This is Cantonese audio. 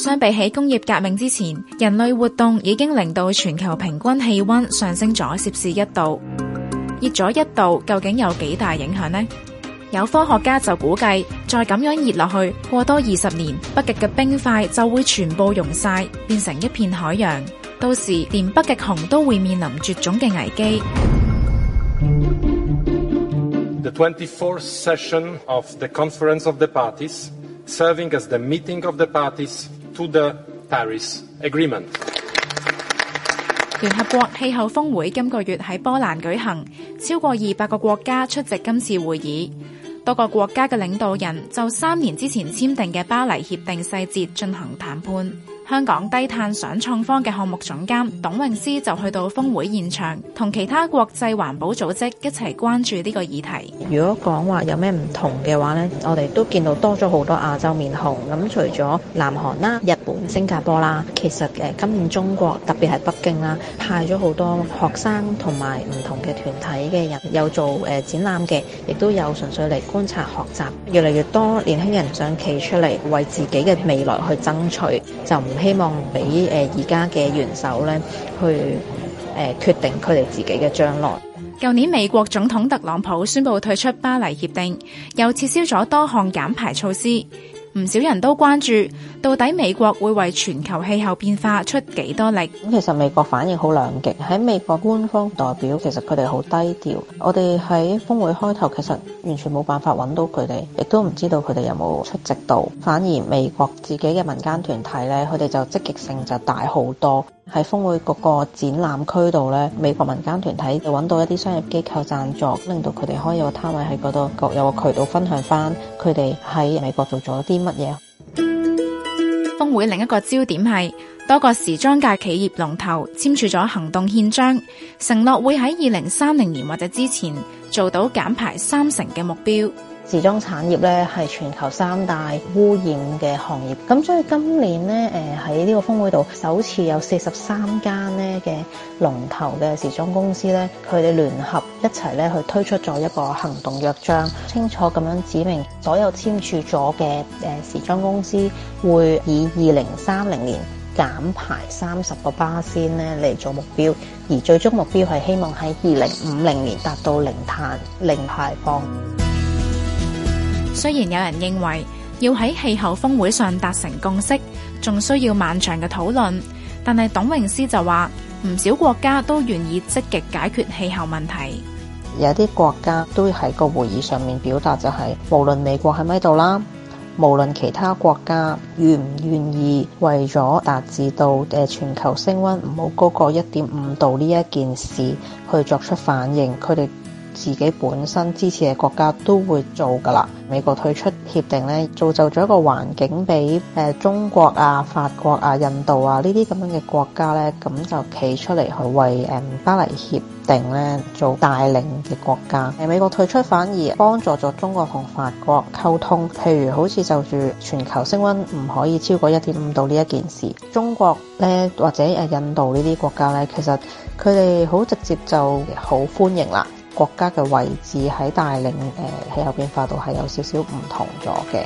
相比起工業革命之前，人類活動已經令到全球平均氣溫上升咗攝氏一度。熱咗一度，究竟有幾大影響呢？有科學家就估計，再咁樣熱落去，過多二十年，北極嘅冰塊就會全部融晒，變成一片海洋。到時連北極熊都會面臨絕種嘅危機。The The Paris Agreement. 聯合國氣候峰會今個月喺波蘭舉行，超過二百個國家出席今次會議。多個國家嘅領導人就三年之前簽訂嘅巴黎協定細節進行談判。香港低碳想創坊嘅項目總監董頴詩就去到峰會現場，同其他國際環保組織一齊關注呢個議題。如果講話有咩唔同嘅話呢，我哋都見到多咗好多亞洲面孔。咁除咗南韓啦、日本、新加坡啦，其實誒，今年中國特別係北京啦，派咗好多學生同埋唔同嘅團體嘅人，有做誒展覽嘅，亦都有純粹嚟觀察學習。越嚟越多年輕人想企出嚟為自己嘅未來去爭取，就唔。希望俾誒而家嘅元首咧，去誒決定佢哋自己嘅將來。舊年美國總統特朗普宣布退出巴黎協定，又撤銷咗多項減排措施。唔少人都關注，到底美國會為全球氣候變化出幾多力？咁其實美國反應好兩極，喺美國官方代表，其實佢哋好低調。我哋喺峰會開頭，其實完全冇辦法揾到佢哋，亦都唔知道佢哋有冇出席到。反而美國自己嘅民間團體咧，佢哋就積極性就大好多。喺峰會各個展覽區度咧，美國民間團體就揾到一啲商業機構贊助，令到佢哋可以有個攤位喺嗰度，有個渠道分享翻佢哋喺美國做咗啲乜嘢。峰會另一個焦點係多個時裝界企業龍頭簽署咗行動憲章，承諾會喺二零三零年或者之前做到減排三成嘅目標。時裝產業咧係全球三大污染嘅行業，咁所以今年咧誒喺呢個峰會度，首次有四十三間咧嘅龍頭嘅時裝公司咧，佢哋聯合一齊咧去推出咗一個行動約章，清楚咁樣指明所有簽署咗嘅誒時裝公司會以二零三零年減排三十個巴仙咧嚟做目標，而最終目標係希望喺二零五零年達到零碳零排放。雖然有人認為要喺氣候峰會上達成共識，仲需要漫長嘅討論，但係董頴詩就話唔少國家都願意積極解決氣候問題。有啲國家都喺個會議上面表達、就是，就係無論美國喺咪度啦，無論其他國家願唔願意為咗達至到誒全球升温唔好高過一點五度呢一件事去作出反應，佢哋。自己本身支持嘅國家都會做噶啦。美國退出協定呢，造就咗一個環境俾誒中國啊、法國啊、印度啊呢啲咁樣嘅國家呢，咁就企出嚟去為誒巴黎協定呢做帶領嘅國家。誒美國退出反而幫助咗中國同法國溝通。譬如好似就住全球升溫唔可以超過一點五度呢一件事，中國呢，或者誒印度呢啲國家呢，其實佢哋好直接就好歡迎啦。國家嘅位置喺帶領誒氣候變化度係有少少唔同咗嘅。